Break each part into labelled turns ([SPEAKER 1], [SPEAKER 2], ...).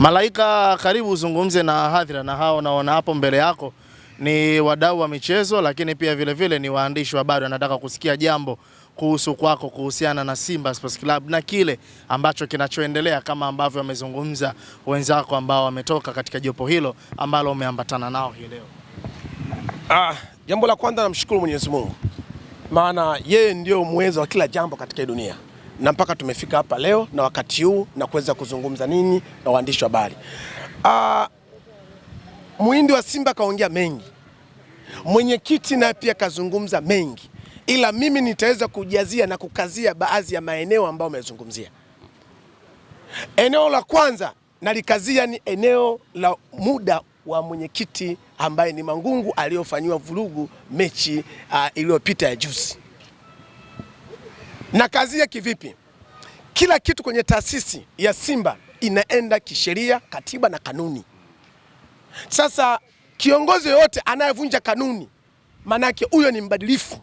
[SPEAKER 1] Malaika, karibu uzungumze na hadhira, na hao naona hapo mbele yako ni wadau wa michezo, lakini pia vilevile vile ni waandishi wa habari, anataka kusikia jambo kuhusu kwako kuhusiana na Simba Sports Club na kile ambacho kinachoendelea, kama ambavyo wamezungumza wenzako ambao wametoka katika jopo hilo ambalo umeambatana nao hii leo.
[SPEAKER 2] Ah, jambo la kwanza namshukuru Mwenyezi Mungu, maana yeye ndio muweza wa kila jambo katika dunia na mpaka tumefika hapa leo na wakati huu na kuweza kuzungumza nini na waandishi wa habari. Ah, muindi wa Simba kaongea mengi, mwenyekiti naye pia kazungumza mengi, ila mimi nitaweza kujazia na kukazia baadhi ya maeneo ambayo amezungumzia. Eneo la kwanza nalikazia ni eneo la muda wa mwenyekiti ambaye ni Mangungu aliyofanyiwa vurugu mechi uh, iliyopita ya juzi na kazia kivipi? Kila kitu kwenye taasisi ya Simba inaenda kisheria, katiba na kanuni. Sasa kiongozi yoyote anayevunja kanuni, maanake huyo ni mbadilifu,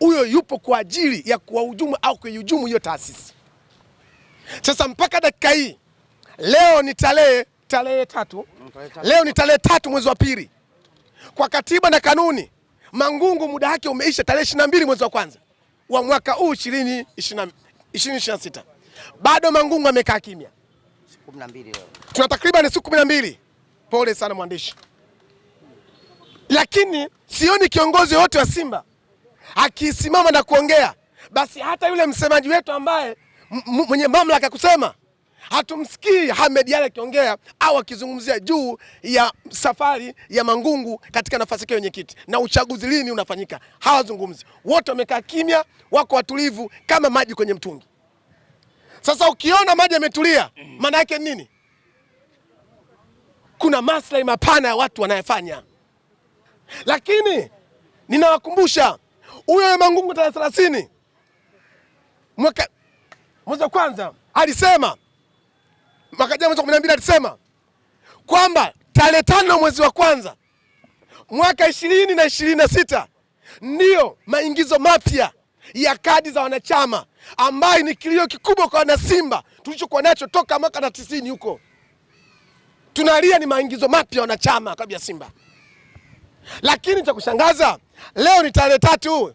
[SPEAKER 2] huyo yupo kwa ajili ya kuwahujumu au kuihujumu hiyo taasisi. Sasa mpaka dakika hii leo ni tarehe tarehe tatu, leo ni tarehe tatu mwezi wa pili, kwa katiba na kanuni Mangungu muda wake umeisha tarehe ishirini na mbili mwezi wa kwanza wa mwaka huu 2026 bado Mangungu amekaa kimya. Siku 12 tuna takriban siku 12. Pole sana mwandishi, lakini sioni kiongozi wote wa Simba akisimama na kuongea, basi hata yule msemaji wetu ambaye mwenye mamlaka kusema Hatumsikii Hamed Yale akiongea au akizungumzia juu ya safari ya Mangungu katika nafasi yake kiti na uchaguzi lini unafanyika. Hawazungumzi, wote wamekaa kimya, wako watulivu kama maji kwenye mtungi. Sasa ukiona maji yametulia, maana yake nini? Kuna maslahi mapana ya watu wanayofanya, lakini ninawakumbusha huyo Mangungu tarehe 30 mwezi wa kwanza alisema mwaka jana mwezi wa 12 alisema kwamba tarehe tano mwezi wa kwanza mwaka ishirini na ishirini na sita ndiyo maingizo mapya ya kadi za wanachama ambayo ni kilio kikubwa kwa wanasimba tulichokuwa nacho toka mwaka na tisini huko. Tunalia ni maingizo mapya wanachama klabu ya Simba, lakini cha kushangaza leo ni tarehe tatu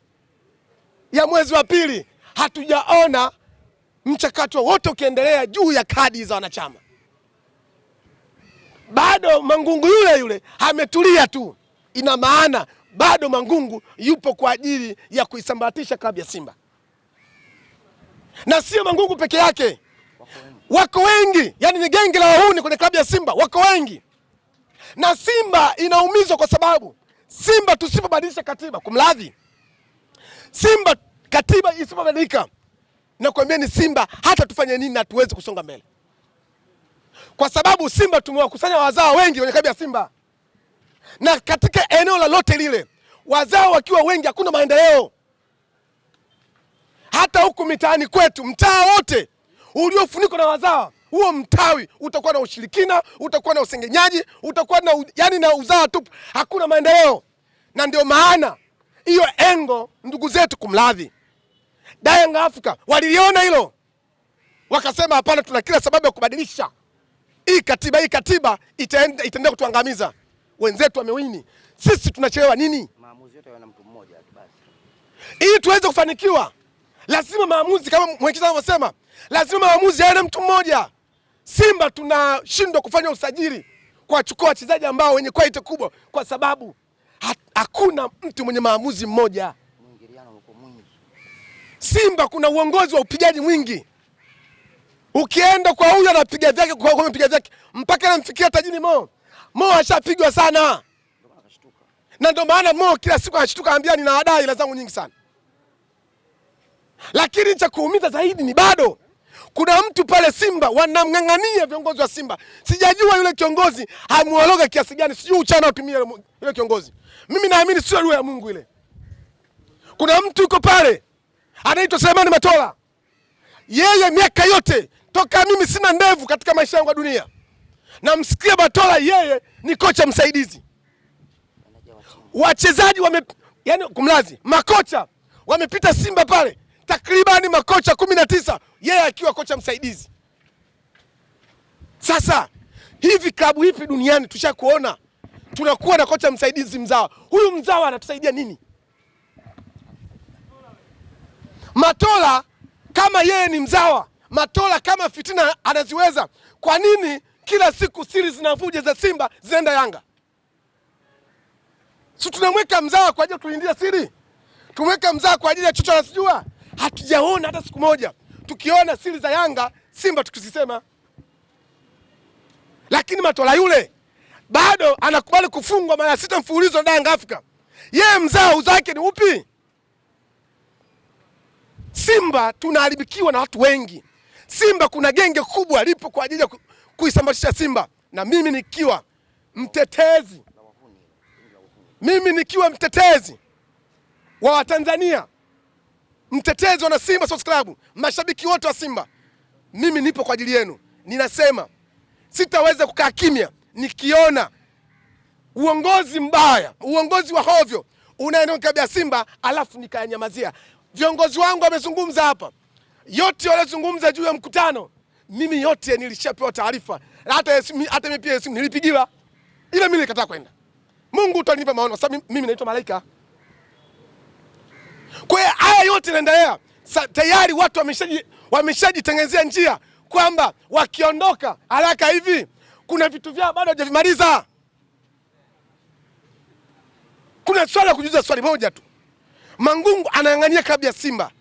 [SPEAKER 2] ya mwezi wa pili hatujaona mchakato wote ukiendelea juu ya kadi za wanachama, bado Mangungu yule yule ametulia tu. Ina maana bado Mangungu yupo kwa ajili ya kuisambaratisha klabu ya Simba, na sio Mangungu peke yake, wako wengi, yani ni genge la wahuni kwenye klabu ya Simba, wako wengi, na Simba inaumizwa kwa sababu Simba tusipobadilisha katiba, kumradhi, Simba katiba isipobadilika nakwambia ni Simba, hata tufanye nini hatuwezi kusonga mbele, kwa sababu Simba tumewakusanya wazao wengi kwenye klabu ya Simba, na katika eneo lolote lile wazao wakiwa wengi hakuna maendeleo. Hata huku mitaani kwetu, mtaa wote uliofunikwa na wazao huo mtawi utakuwa na ushirikina, utakuwa na usengenyaji, utakuwa na yani na uzao tupu, hakuna maendeleo. Na ndio maana hiyo engo, ndugu zetu, kumradhi, Young Afrika waliliona hilo, wakasema hapana, tuna kila sababu ya kubadilisha hii katiba. Hii katiba itaendelea kutuangamiza. Wenzetu wamewini, sisi tunachelewa nini? Maamuzi yote yana mtu mmoja tu basi. Ili tuweze kufanikiwa, lazima maamuzi, kama mwekezaji anavyosema, lazima maamuzi yana mtu mmoja. Simba tunashindwa kufanya usajili kuwachukua wachezaji ambao wenye quality kubwa, kwa sababu hakuna mtu mwenye maamuzi mmoja. Simba kuna uongozi wa upigaji mwingi, ukienda kwa huyo anapiga vyake, kwa huyo anapiga vyake, mpaka anamfikia tajini Mo. Mo ashapigwa sana, na ndio maana Mo kila siku anashtuka, anambia nina adai zangu nyingi sana. Lakini cha kuumiza zaidi ni bado kuna mtu pale Simba wanamng'ang'ania viongozi wa Simba. Sijajua yule kiongozi amuoroga kiasi gani, sijui uchana utumia yule kiongozi. Mimi naamini sio roho ya Mungu ile. Kuna mtu yuko pale anaitwa Selemani Matola. Yeye miaka yote toka mimi sina ndevu katika maisha yangu ya dunia, namsikia Matola, yeye ni kocha msaidizi, wachezaji wame, yani kumlazi, makocha wamepita Simba pale takribani makocha kumi na tisa yeye akiwa kocha msaidizi. Sasa hivi klabu hivi duniani tushakuona tunakuwa na kocha msaidizi mzawa. Huyu mzawa anatusaidia nini? Matola kama yeye ni mzawa, Matola kama fitina anaziweza, kwa nini kila siku siri zinavuja za Simba zinaenda Yanga? Si tunamweka mzawa kwa ajili ya siri? Tumweka mzawa kwa ajili ya chocho anasijua? Hatujaona hata siku moja tukiona siri za Yanga Simba tukizisema, lakini Matola yule bado anakubali kufungwa mara sita mfululizo na Yanga Afrika. Yeye mzawa uzake ni upi? Simba tunaharibikiwa na watu wengi. Simba kuna genge kubwa lipo kwa ajili ya kuisambaratisha Simba, na mimi nikiwa mtetezi, mimi nikiwa mtetezi wa Watanzania, mtetezi wana Simba Sports Club, mashabiki wote wa Simba, mimi nipo kwa ajili yenu. Ninasema sitaweza kukaa kimya nikiona uongozi mbaya, uongozi wa hovyo unaenda kabla ya Simba alafu nikayanyamazia. Viongozi wangu wamezungumza hapa, yote waliozungumza juu ya mkutano, mimi yote nilishapewa taarifa. Hata hata mimi pia simu nilipigiwa, ila mimi nikataa kwenda. Mungu utanipa maono, Sasa mimi naitwa malaika. Kwa hiyo haya yote yanaendelea tayari, watu wameshajitengenezea njia kwamba wakiondoka haraka hivi, kuna vitu vyao bado hajavimaliza. Kuna swali kujuza swali moja tu Mangungu anang'ania klabu ya Simba,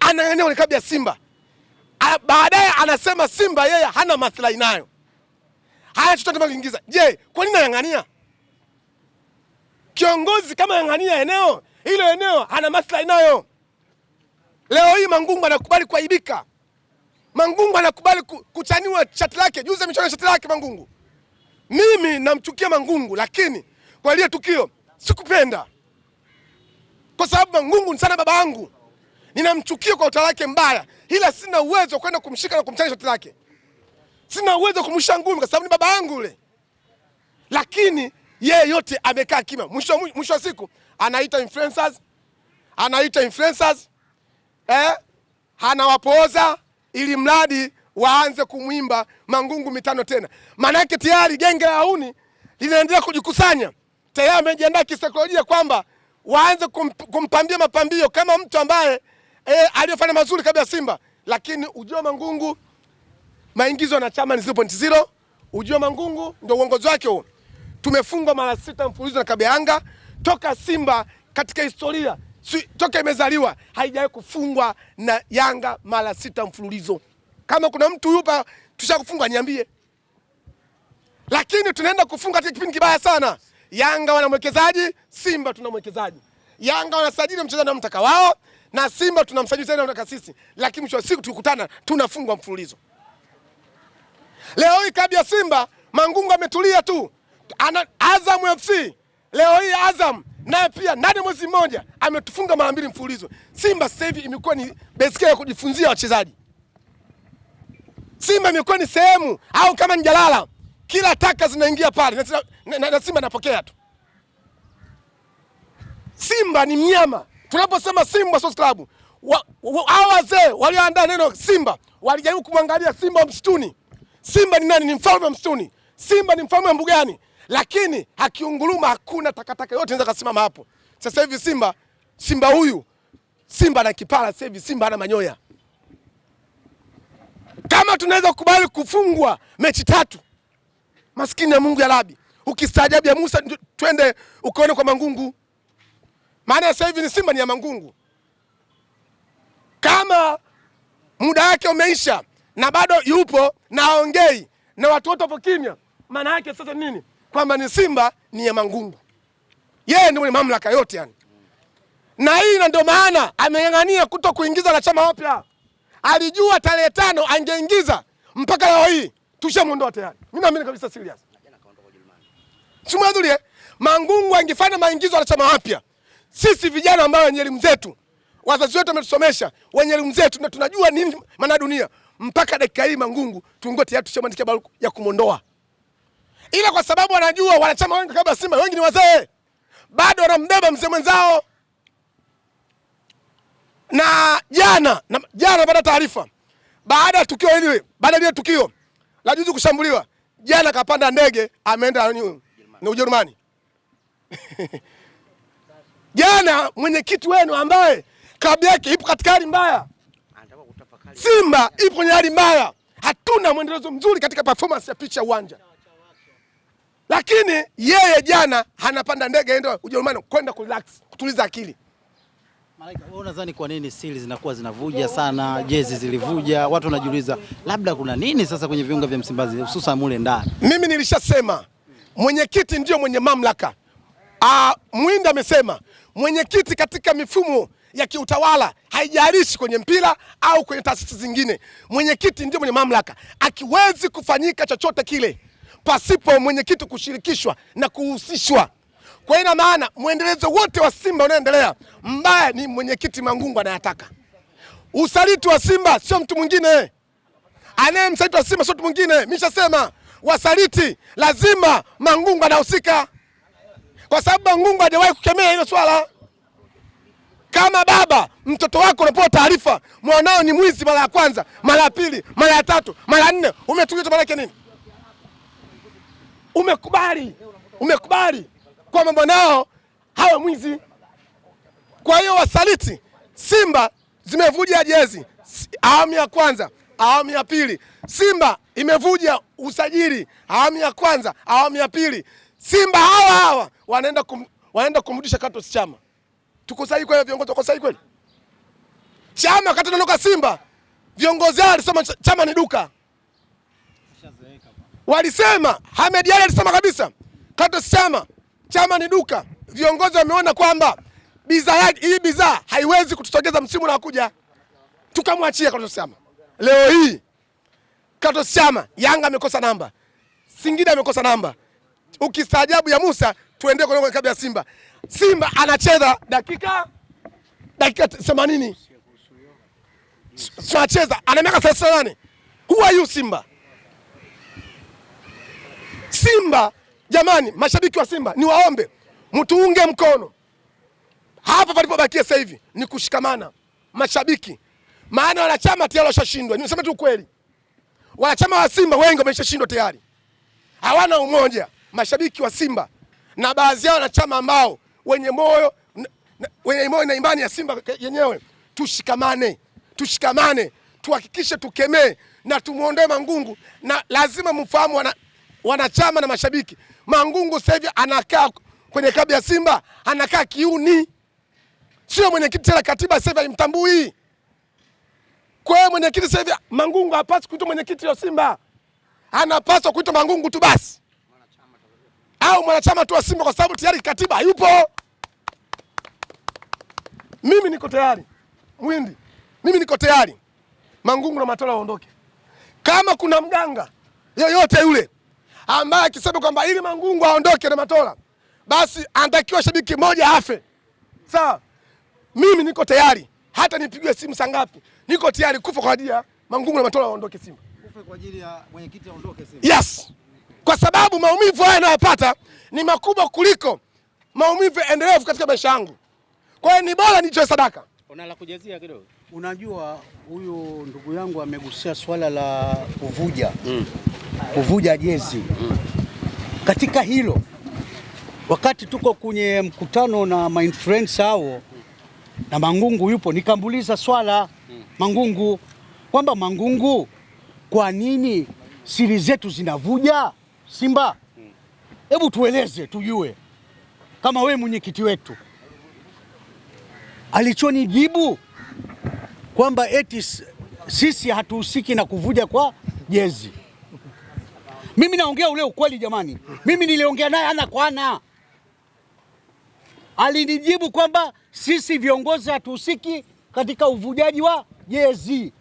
[SPEAKER 2] anang'ania kwenye klabu ya Simba, baadaye anasema Simba yeye hana maslahi nayo. Haya, tutataka kuingiza. Je, kwa nini anang'ania kiongozi kama anang'ania eneo hilo, eneo hana maslahi nayo? Leo hii Mangungu anakubali kuaibika, Mangungu anakubali kuchaniwa shati lake, juzi amechana shati lake Mangungu. Mimi namchukia Mangungu, lakini kwa ile tukio sikupenda kwa sababu Mangungu ni sana baba yangu, ninamchukia kwa utawala wake mbaya, ila sina uwezo kwenda kumshika na kumchanja shoti lake, sina uwezo kumsha ngumi kwa sababu ni baba yangu yule. Lakini yeye yote amekaa kima. Mwisho mwisho wa siku anaita influencers, anaita influencers eh, anawapooza ili mradi waanze kumwimba Mangungu mitano tena. Maana yake tayari genge la hauni linaendelea kujikusanya, tayari amejiandaa kisaikolojia kwamba waanze kumpambia mapambio kama mtu ambaye e, aliyofanya mazuri kabla ya Simba, lakini ujio Mangungu maingizo na chama ni 0.0. Ujio Mangungu ndio uongozi wake huo. Tumefungwa mara sita mfululizo na klabu ya Yanga toka Simba katika historia si, toka imezaliwa haijawahi kufungwa na Yanga mara sita mfululizo. Kama kuna mtu yupa tushakufunga niambie, lakini tunaenda kufunga kipindi kibaya sana. Yanga wana mwekezaji, Simba tuna mwekezaji. Yanga wanasajili mchezaji na mtaka wao na Simba tunamsajili sana tunataka sisi, lakini mwisho wa siku tukutana tunafungwa mfululizo. Leo hii klabu ya Simba Mangungu ametulia tu. Ana Azam FC. Leo hii Azam naye pia ndani mwezi mmoja ametufunga mara mbili mfululizo. Simba sasa hivi imekuwa ni besike ya kujifunzia wachezaji. Simba imekuwa ni sehemu au kama ni jalala kila taka zinaingia pale na Simba anapokea tu. Simba ni mnyama. Tunaposema Simba Sports Club, hawa wazee walioandaa neno Simba walijaribu kumwangalia Simba wa msituni. Simba ni nani? Ni mfalme wa msituni. Simba ni mfalme wa mbugani, lakini akiunguruma hakuna takataka yote inaweza kusimama hapo. Sasa hivi Simba, Simba huyu Simba na kipara sasa hivi, Simba ana manyoya. Kama tunaweza kukubali kufungwa mechi tatu maskini ya Mungu ya Rabi, ukistaajabu ya Musa twende ukaone kwa Mangungu, maana sasa hivi ni Simba ni ya Mangungu. Kama muda wake umeisha na bado yupo na aongei na watoto wapo kimya, maana yake sasa nini? Kwamba ni Simba ni ya Mangungu, yeye ndio mwenye mamlaka yote yani. Na hii na ndio maana ameng'ang'ania kuto kuingiza wanachama wapya. Alijua tarehe tano angeingiza mpaka leo hii tushamwondoa tayari. Mimi naamini kabisa serious. Simuadhulie Mangungu angefanya maingizo ya chama wapya. Sisi vijana ambao wenye elimu zetu, wazazi wetu wametusomesha, wenye elimu zetu na tunajua nini maana dunia. Mpaka dakika hii Mangungu tungo tayari tushamwandikia barua ya kumondoa. Ila kwa sababu wanajua wanachama wengi kabla Simba wengi ni wazee. Bado wanambeba mzee mwenzao. Na jana na, jana baada taarifa baada ya tukio hili baada ya tukio la juzi kushambuliwa, jana kapanda ndege ameenda ni Ujerumani. Jana mwenyekiti wenu ambaye klabu yake ipo katika hali mbaya, Simba ipo kwenye hali mbaya, hatuna mwendelezo mzuri katika performance ya picha ya uwanja, lakini yeye jana anapanda ndege aende Ujerumani kwenda kurelax, kutuliza akili.
[SPEAKER 3] Malaika, wewe unadhani kwa nini siri zinakuwa zinavuja sana, jezi zilivuja, watu wanajiuliza labda kuna nini sasa kwenye viunga vya Msimbazi hususan mule ndani?
[SPEAKER 2] Mimi nilishasema mwenyekiti ndio mwenye mamlaka. Ah, Mwinda amesema mwenyekiti katika mifumo ya kiutawala haijalishi kwenye mpira au kwenye taasisi zingine, mwenyekiti ndio mwenye mamlaka. Akiwezi kufanyika chochote kile pasipo mwenyekiti kushirikishwa na kuhusishwa. Kwa ina maana mwendelezo wote wa Simba unaendelea mbaya, ni mwenyekiti Mangungu anayataka. Usaliti wa Simba sio mtu mwingine, anayemsaliti wa Simba sio mtu mwingine. Mishasema wasaliti lazima Mangungu anahusika, kwa sababu Mangungu hajawahi kukemea hilo swala. Kama baba mtoto wako unapewa taarifa mwanao ni mwizi, mara ya kwanza, mara ya pili, mara ya tatu, mara ya nne, umetulia, maana nini? Umekubali, umekubali mambo nao hawa mwizi. Kwa hiyo wasaliti Simba zimevuja jezi awamu ya kwanza, awamu ya pili. Simba imevuja usajili awamu ya kwanza, awamu ya pili. Simba hawa hawa wanaenda kum, wanaenda kumrudisha Katos Chama. Tuko sahihi kwa viongozi Tuko sahihi kweli? Chama kati ndoka Simba viongozi hao walisema Chama ni duka. Walisema Hamed Ali alisema kabisa Katos Chama chama ni duka. Viongozi wameona kwamba bidhaa hii bidhaa haiwezi kutusogeza msimu na kuja, tukamwachia Clatous Chama. Leo hii Clatous Chama, Yanga amekosa namba, Singida amekosa namba. Ukistaajabu ya Musa, tuende kwenye klabu ya Simba. Simba anacheza dakika dakika 80 tunacheza, ana miaka 38. Who are you Simba? Simba Jamani, mashabiki wa Simba ni waombe mtuunge mkono hapa palipobakia sasa hivi ni kushikamana mashabiki, maana wanachama tayari washashindwa. Nimesema tu kweli, wanachama wa Simba wengi wameshashindwa tayari, hawana umoja mashabiki wa Simba na baadhi yao wanachama ambao wenye moyo wenye moyo na imani ya Simba yenyewe. Tushikamane, tushikamane, tuhakikishe tukemee na tumuondoe Mangungu, na lazima mfahamu wana, wanachama na mashabiki Mangungu sasa hivi anakaa kwenye klabu ya Simba anakaa kiuni, sio mwenyekiti tena. Katiba sasa hivi alimtambui kwa hiyo mwenyekiti sasa hivi Mangungu hapaswi kuitwa mwenyekiti wa Simba, anapaswa kuitwa Mangungu tu basi, au mwanachama tu wa Simba, kwa sababu tayari katiba yupo. Mimi niko tayari Mwindi, mimi niko tayari Mangungu na Matola waondoke. Kama kuna mganga yoyote yule ambaye akisema kwamba ili Mangungu aondoke na Matola, basi anatakiwa shabiki mmoja afe. Sawa, mimi niko tayari, hata nipigwe simu saa ngapi, niko tayari kufa kwa ajili ya Mangungu na Matola waondoke Simba, kufa kwa ajili ya mwenyekiti aondoke Simba. Yes, kwa sababu maumivu haya yanayopata ni makubwa kuliko maumivu endelevu katika maisha yangu. Kwa hiyo ni bora niitoe sadaka.
[SPEAKER 4] kujazia kidogo. Unajua, huyu ndugu yangu amegusia swala la kuvuja mm kuvuja jezi. Katika hilo, wakati tuko kwenye mkutano na mainfluencer hao na Mangungu yupo, nikambuliza swala Mangungu kwamba Mangungu, kwa nini siri zetu zinavuja Simba? Hebu tueleze tujue, kama we mwenyekiti wetu. Alichonijibu kwamba eti sisi hatuhusiki na kuvuja kwa jezi. Mimi naongea ule ukweli jamani, mimi niliongea naye ana kwa ana, alinijibu kwamba sisi viongozi hatuhusiki katika uvujaji wa jezi.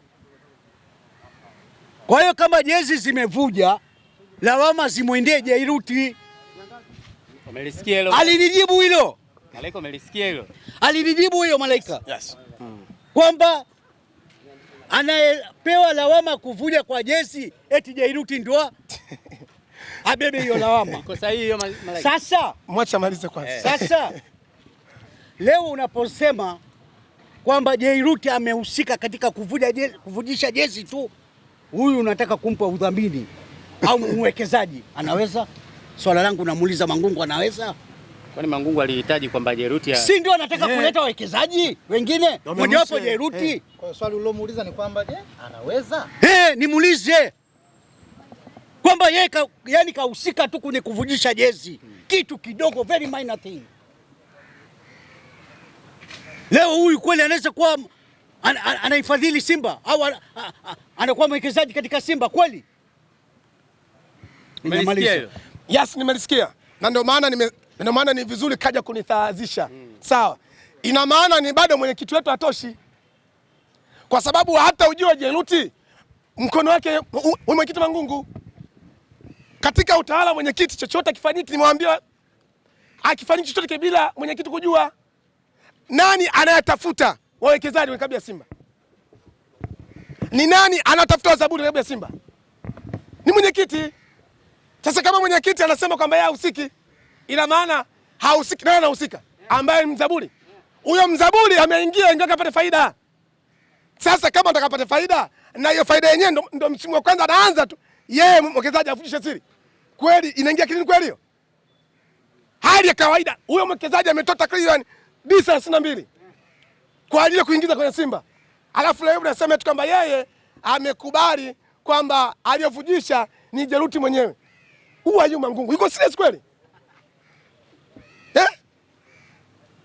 [SPEAKER 4] Kwa hiyo kama jezi zimevuja, lawama zimwendee Jairuti. Alinijibu hilo, alinijibu hiyo Malaika, yes. kwamba anayepewa lawama kuvuja kwa jesi eti Jairuti ndoa abebe hiyo lawama. Sasa mwacha malize kwanza. Eh. Sasa leo unaposema kwamba Jairuti amehusika katika kuvuja jezi, kuvujisha jezi tu, huyu unataka kumpa udhamini au mwekezaji? Anaweza swala langu namuuliza Mangungu, anaweza
[SPEAKER 5] Kwani Mangungu alihitaji kwamba Jeruti ya...
[SPEAKER 4] si ndio anataka yeah, kuleta wawekezaji wengine mojawapo Jeruti hey. Eh.
[SPEAKER 5] Kwa hiyo swali ulomuuliza ni kwamba je, anaweza
[SPEAKER 4] hey, eh, nimuulize kwamba yeye ka, yani kahusika tu kuni kuvujisha jezi hmm, kitu kidogo very minor thing. Leo huyu kweli anaweza kuwa an, an, anaifadhili Simba au anakuwa mwekezaji katika Simba kweli?
[SPEAKER 2] Nimemaliza. Yes, nimelisikia na ndio maana nime ndio maana ni vizuri kaja kunitaazisha mm. Sawa, ina maana ni bado mwenyekiti wetu hatoshi, kwa sababu hata ujue Jeruti mkono wake mwenyekiti Mangungu katika utawala. Mwenyekiti chochote akifanyiki, nimwambia akifanyiki chochote bila mwenyekiti kujua. Nani anayetafuta wawekezaji kwenye klabu ya Simba? Ni nani anatafuta zabuni klabu ya Simba? Ni mwenyekiti. Sasa kama mwenyekiti anasema kwamba yeye hahusiki ina maana hahusiki naye anahusika, ambaye ni mzaburi. Huyo mzaburi ameingia ingia kapata faida. Sasa kama atakapata faida na hiyo faida yenyewe ndo, ndo msimu wa kwanza anaanza tu yeye, mwekezaji afundishe siri kweli, inaingia kilini kweli hiyo hali ya kawaida. Huyo mwekezaji ametoa takriban D thelathini na mbili kwa ajili ya kuingiza kwenye Simba, alafu leo nasema tu kwamba yeye amekubali kwamba aliyovujisha ni Jeruti mwenyewe. Huwa yuma Ngungu iko serious kweli? eh?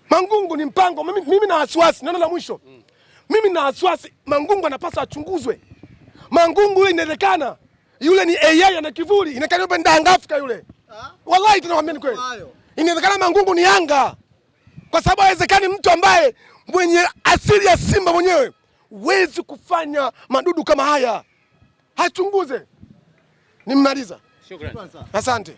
[SPEAKER 2] Mangungu ni mpango. Mimi, mimi na wasiwasi, neno la mwisho mm. Mimi na wasiwasi Mangungu anapaswa achunguzwe. Mangungu yule inawezekana yule ni AI ana kivuli, inawezekana ndangafika yule ha? Wallahi tunakwambia ni kweli, inawezekana Mangungu ni anga, kwa sababu haiwezekani mtu ambaye mwenye asili ya simba mwenyewe wezi kufanya madudu kama haya. Hachunguze. Nimemaliza, shukrani, asante.